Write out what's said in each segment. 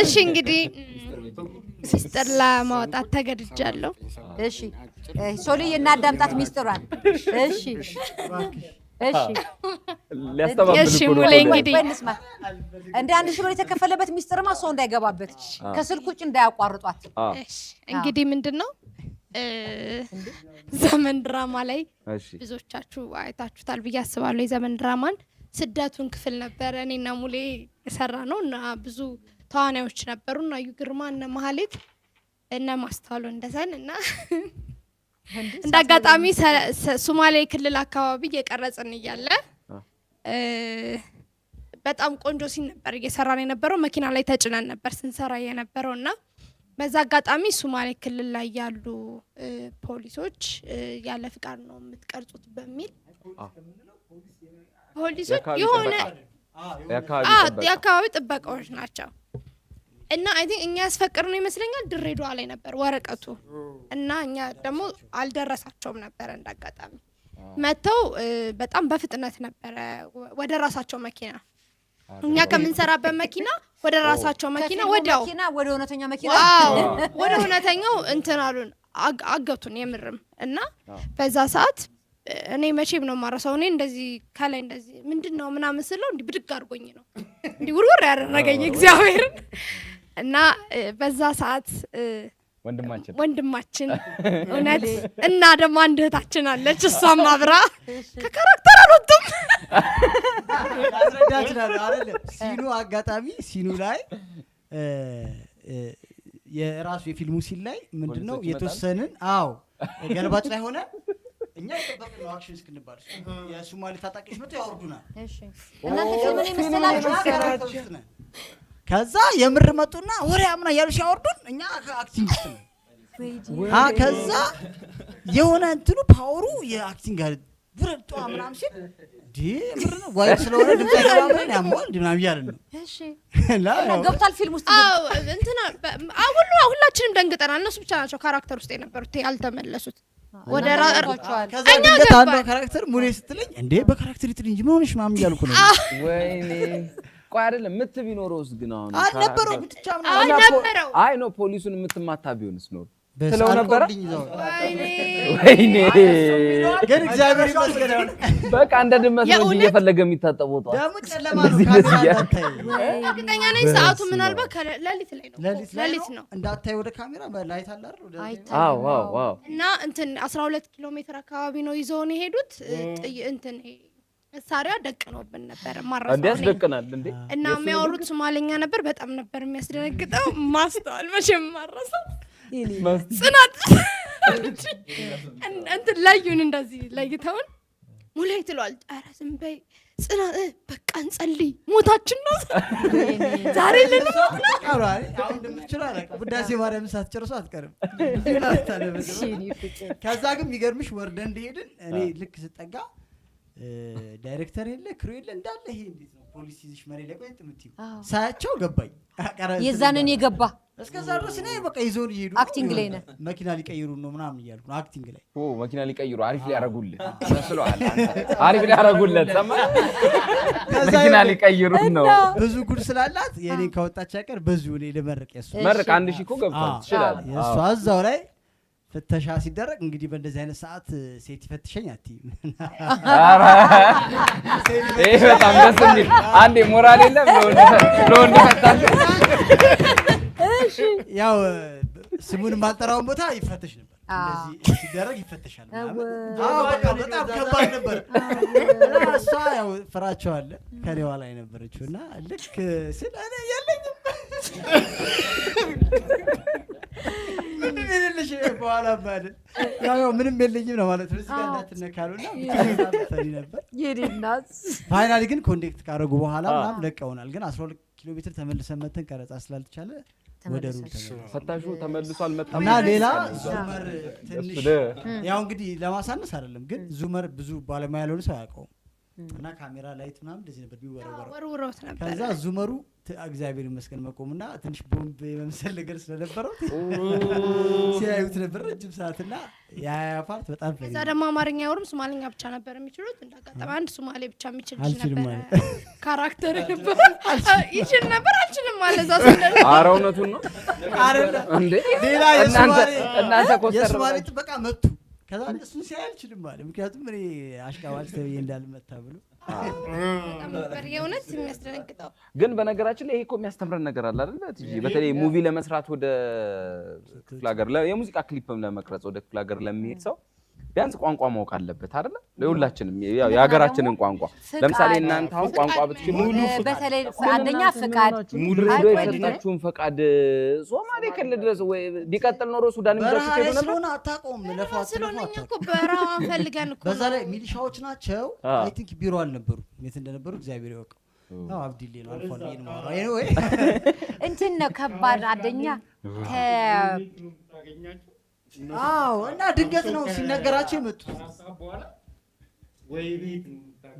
እሺ እንግዲህ ሚስጥር ለማውጣት ተገድጃለሁ። እሺ ሶልዬ እናዳምጣት ሚስጥሯን። እሺ እሺ ሙሌ እንግዲህ እንደ አንድ ሺህ ብር የተከፈለበት ሚስጥርማ ሰው እንዳይገባበት ከስልክ ውጭ እንዳያቋርጧት። እንግዲህ ምንድን ነው ዘመን ድራማ ላይ ብዙዎቻችሁ አይታችሁታል ብዬ አስባለሁ የዘመን ድራማን ስደቱን ክፍል ነበረ እኔና ሙሌ የሰራ ነው እና ብዙ ተዋናዮች ነበሩ እና እዩ ግርማ እነ መሀሌት እነ ማስተዋሉ እንደሰን እና እንደ አጋጣሚ ሶማሌ ክልል አካባቢ እየቀረጽን እያለ በጣም ቆንጆ ሲን ነበር እየሰራን የነበረው። መኪና ላይ ተጭነን ነበር ስንሰራ የነበረው እና በዛ አጋጣሚ ሶማሌ ክልል ላይ ያሉ ፖሊሶች ያለ ፍቃድ ነው የምትቀርጹት በሚል ፖሊሶች የሆነ የአካባቢ ጥበቃዎች ናቸው እና አይ ቲንክ እኛ ያስፈቅር ነው ይመስለኛል። ድሬዳዋ ላይ ነበር ወረቀቱ እና እኛ ደግሞ አልደረሳቸውም ነበረ እንዳጋጣሚ መጥተው በጣም በፍጥነት ነበረ ወደ ራሳቸው መኪና እኛ ከምንሰራበት መኪና ወደ ራሳቸው መኪና ወዲያው ወደ እውነተኛ መኪና ወደ እውነተኛው እንትን አሉን አገቱን የምርም እና በዛ ሰዓት እኔ መቼም ነው የማረሳው። እኔ እንደዚህ ከላይ እንደዚህ ምንድን ነው ምናምን ስለው እንዲህ ብድግ አድርጎኝ ነው እንዲህ ውርውር ያደረገኝ እግዚአብሔር እና በዛ ሰዓት ወንድማችን ወንድማችን እውነት እና ደግሞ አንድ እህታችን አለች። እሷም አብራ ከካራክተር አልወጡም ሲኑ አጋጣሚ ሲኑ ላይ የራሱ የፊልሙ ሲል ላይ ምንድነው የተወሰንን አዎ ገልባጭ ላይ ሆነ እኛ የጠበቅን ነው አክሽን እስክንባል የሱማሌ ታጣቂዎች መጥተው ያወርዱናል። ከዛ የምር መጡና ወሬ አምና እያሉ ሲያወርዱን እኛ አክቲንግ ነው። ከዛ የሆነ እንትኑ ፓወሩ የአክቲንግ ጋር ብረቷ ምናምን ሲል ምር ስለሆነ ድምፅ ምናምን ያሟል ምናምን እያለን ነው ገብቷል። ፊልም ውስጥ እንትና ሁሉ ሁላችንም ደንግጠናል። እነሱ ብቻ ናቸው ካራክተር ውስጥ የነበሩት ያልተመለሱት። ወደ ራሳቸዋል ከዛ ድንገት አንዷ ካራክተር ሙኔ ስትለኝ እንዴ በካራክተር ትል እንጂ ምን ሆነሽ ምናምን እያልኩ ነው። ወይኔ ቆይ አይደለም ምት ቢኖረውስ ግን አሁን አልነበረው ብቻ ምናምን አይ ነው ፖሊሱን የምትማታ ቢሆንስ ኖሮ ስለው ነበረ። ወይኔ ግን እግዚአብሔር ይመስገን በቃ እንደ ድመት እየፈለገ የሚታጠቡ ወጣ። እርግጠኛ ነኝ ሰዓቱ ምናልባት ሌሊት ነው፣ እንዳታይ ወደ ካሜራ በላይት አለ እና እንትን 12 ኪሎ ሜትር አካባቢ ነው ይዘውን የሄዱት እንትን መሳሪያ ደቅኖብን ነበር። ማራእንዲያስደቅናል እንዴ እና የሚያወሩት ሶማሌኛ ነበር። በጣም ነበር የሚያስደነግጠው። ማስተዋል መቼም ማረሰው ጽናት እንትን ላዩን እንደዚህ ለይተውን ሙላይ ትሏል። ኧረ ዝም በይ ጽናት፣ በቃ እንጸልይ፣ ሞታችን ነው ዛሬ ልንውዳሴ ማርያም ሳትጨርሱ አትቀርም። ከዛ ግን የሚገርምሽ ወርደ እንደሄድን እኔ ልክ ስጠጋ ዳይሬክተር የለ ክሩ የለ እንዳለ ይሄ እንዴት ነው ፖሊስ ይዘሽ መሬ ላይ ቆየት የምትይው ሳያቸው ገባኝ። የዛንን የገባ እስከዛ ድረስ ነ በቃ ይዞን ይሄዱ አክቲንግ ላይ ነህ መኪና ሊቀይሩ ነው ምናምን እያልኩ ነው አክቲንግ ላይ መኪና ሊቀይሩ አሪፍ ሊያረጉልህ መስሎሃል። አሪፍ ሊያረጉለት መኪና ሊቀይሩ ነው ብዙ ጉድ ስላላት የኔ ካወጣች ያቀር በዚሁ እኔ ልመርቅ የሱ መርቅ አንድ ሺ እኮ ገብቷል ትችላለህ እሷ እዛው ላይ ፍተሻ ሲደረግ እንግዲህ በእንደዚህ አይነት ሰዓት ሴት ይፈትሸኝ አትይም። ይህ በጣም ደስ የሚል አንዴ ሞራል የለም ለወንድ ያው ስሙን ማልጠራውን ቦታ ይፈተሽ ነበር፣ ሲደረግ ይፈተሻል። በጣም ከባድ ነበር። እሷ ያው ፍራቸዋለ ከሌዋ ላይ ነበረችው እና ልክ ስለ እኔ የለኝም ትንሽ በኋላ ባልን ያው ምንም የለኝም ነው ማለት ነው። እዚጋ እንዳትነካሉ ና ብትሰሪ ነበር። ፋይናሊ ግን ኮንዴክት ካደረጉ በኋላ ምናምን ለቀውናል። ግን አስራ ሁለት ኪሎ ሜትር ተመልሰን መተን ቀረጻ ስላልተቻለ ወደ ሩል ፈታሹ ተመልሶ አልመጣም እና ሌላ ዙመር ትንሽ ያው እንግዲህ ለማሳነስ አይደለም፣ ግን ዙመር ብዙ ባለሙያ ያልሆነ ሰው አያውቀውም እና ካሜራ ላይት ምናምን እንደዚህ ነበር የሚወረወረውት ነበር። ከዛ ዙመሩ እግዚአብሔር ይመስገን መቆሙና ትንሽ ቦምብ የመምሰል ነገር ስለነበረው ሲያዩት ነበር ረጅም ሰዓት እና የሀያ ፓርት በጣም ከዛ ደግሞ አማርኛ ወርም ሶማሌኛ ብቻ ነበር የሚችሉት። እንዳጋጠመ አንድ ሶማሌ ብቻ የሚችል ነበር ካራክተር ነበር ይችል ነበር አልችልም አለ። እዛ ኧረ እውነቱን ነው። ሌላ የሶማሌ ጥበቃ መጡ ከዛ እሱን ሲያይ አልችልም አለ። ምክንያቱም እኔ አሽቃባጭ ተብዬ እንዳልመታ ብሎ የእውነት የሚያስደነግጠው ግን፣ በነገራችን ላይ ይሄ እኮ የሚያስተምረን ነገር አለ አይደል? በተለይ ሙቪ ለመስራት ወደ ክፍለ ሀገር፣ የሙዚቃ ክሊፕም ለመቅረጽ ወደ ክፍለ ሀገር ለሚሄድ ሰው ቢያንስ ቋንቋ ማወቅ አለበት አይደለ? ለሁላችንም የሀገራችንን ቋንቋ ለምሳሌ እናንተ አሁን ቋንቋ ብትችሉ በተለይ አንደኛ ፈቃድ ሙሉ የሰጣችሁን ፈቃድ ሶማሌ ክልል ድረስ ወይ ቢቀጥል ኖሮ ሱዳን ድረስ ሄዱ ነበር። አታውቀውም በረሃዋን ፈልገን በዛ ላይ ሚሊሻዎች ናቸው። አይ ቲንክ ቢሮ አልነበሩ ት እንደነበሩ እግዚአብሔር ይወቅ። አብዲሌ ነው አልፎ እንትን ነው ከባድ አንደኛ አዎ። እና ድንገት ነው ሲነገራቸው የመጡት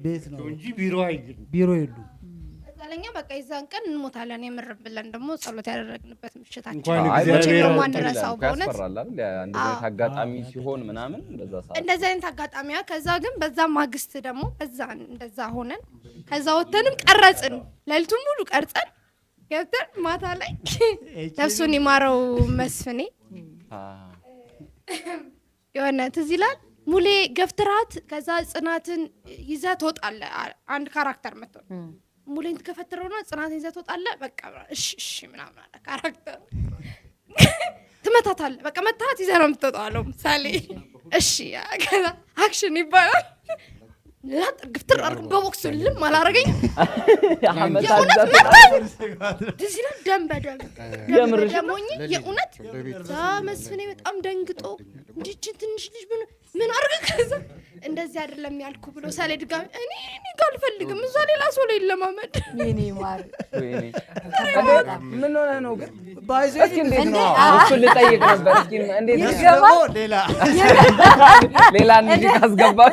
ቤት ነው እንጂ ቢሮ አይግሉ ቢሮ የሉም። ለኛ በቃ የዛን ቀን እንሞታለን የምር ብለን ደግሞ ጸሎት ያደረግንበት ምሽታችን አጋጣሚ ሲሆን ምናምን እንደዚህ አይነት አጋጣሚያ። ከዛ ግን በዛ ማግስት ደግሞ በዛ እንደዛ ሆነን ከዛ ወተንም ቀረጽን፣ ሌሊቱን ሙሉ ቀርጸን ገብተን ማታ ላይ ነፍሱን ይማረው መስፍኔ የሆነ ትዝ ይላል ሙሌ ገፍትራት ከዛ ጽናትን ይዘ ትወጣለ። አንድ ካራክተር መቶ ሙሌን ትከፈትረውና ጽናትን ይዘ ትወጣለ። በቃ እሺ እሺ ምናምን አለ ካራክተር ትመታታለ። በቃ መታት ይዘ ነው የምትወጣለው። ምሳሌ እሺ ከዛ አክሽን ይባላል። ግፍትር አርግ በቦክስ ልም አላረገኝ። እውነት ደም በደም ደሞኝ የእውነት መስፍኔ በጣም ደንግጦ እንዲችን ትንሽ ልጅ ምን አርገ ከዛ እንደዚህ አይደለም ያልኩ ብሎ ሳሌ ድጋሚ እኔ ጋ አልፈልግም እዛ ሌላ ሰው ላይ ለማመድ ምን ሆነ ነው ግን ባይዘት እሱ ልጠይቅ ነበር። ሌላ ሙዚቃ አስገባል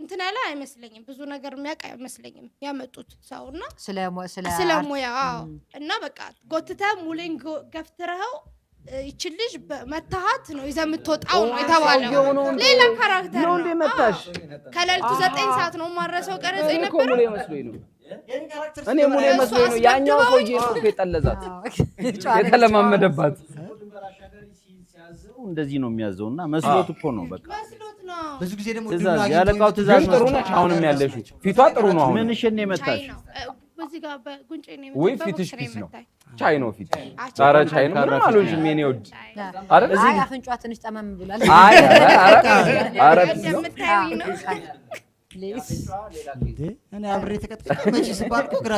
እንትን ያለ አይመስለኝም። ብዙ ነገር የሚያውቅ አይመስለኝም ያመጡት ሰው እና ስለሙያ እና በቃ ጎትተ ሙሌን ገፍትረኸው ይች ልጅ መታሃት ነው ይዘህ የምትወጣው ነው የተባለው። ሌላ ካራክተር ነው። ከሌሊቱ ዘጠኝ ሰዓት ነው ማረሰው ቀረጽ የነበረው እኔ ሙሌ መስሎኝ ነው። ያኛው ሰውዬ ነው የጠለዛት የተለማመደባት እንደዚህ ነው የሚያዘው እና መስሎት እኮ ነው በቃ ብዙ ጊዜ ደግሞ ያለቃው ትእዛዝ ጥሩ ነች። አሁንም ያለሽ ፊቷ ጥሩ ነው። አሁን ምንሽን ነው የመታሽ? ወይ ፊትሽ ፊት ነው ቻይ ነው ፊት ኧረ ቻይ ነው ምንም አልሆንሽም የኔ ውድ አረ አይ አፍንጫ ትንሽ ጠመም ብሏል አይ አረ አረ ነው እኔ አብሬ ተቀጥቅጬ መቼ ስባል እኮ ግራ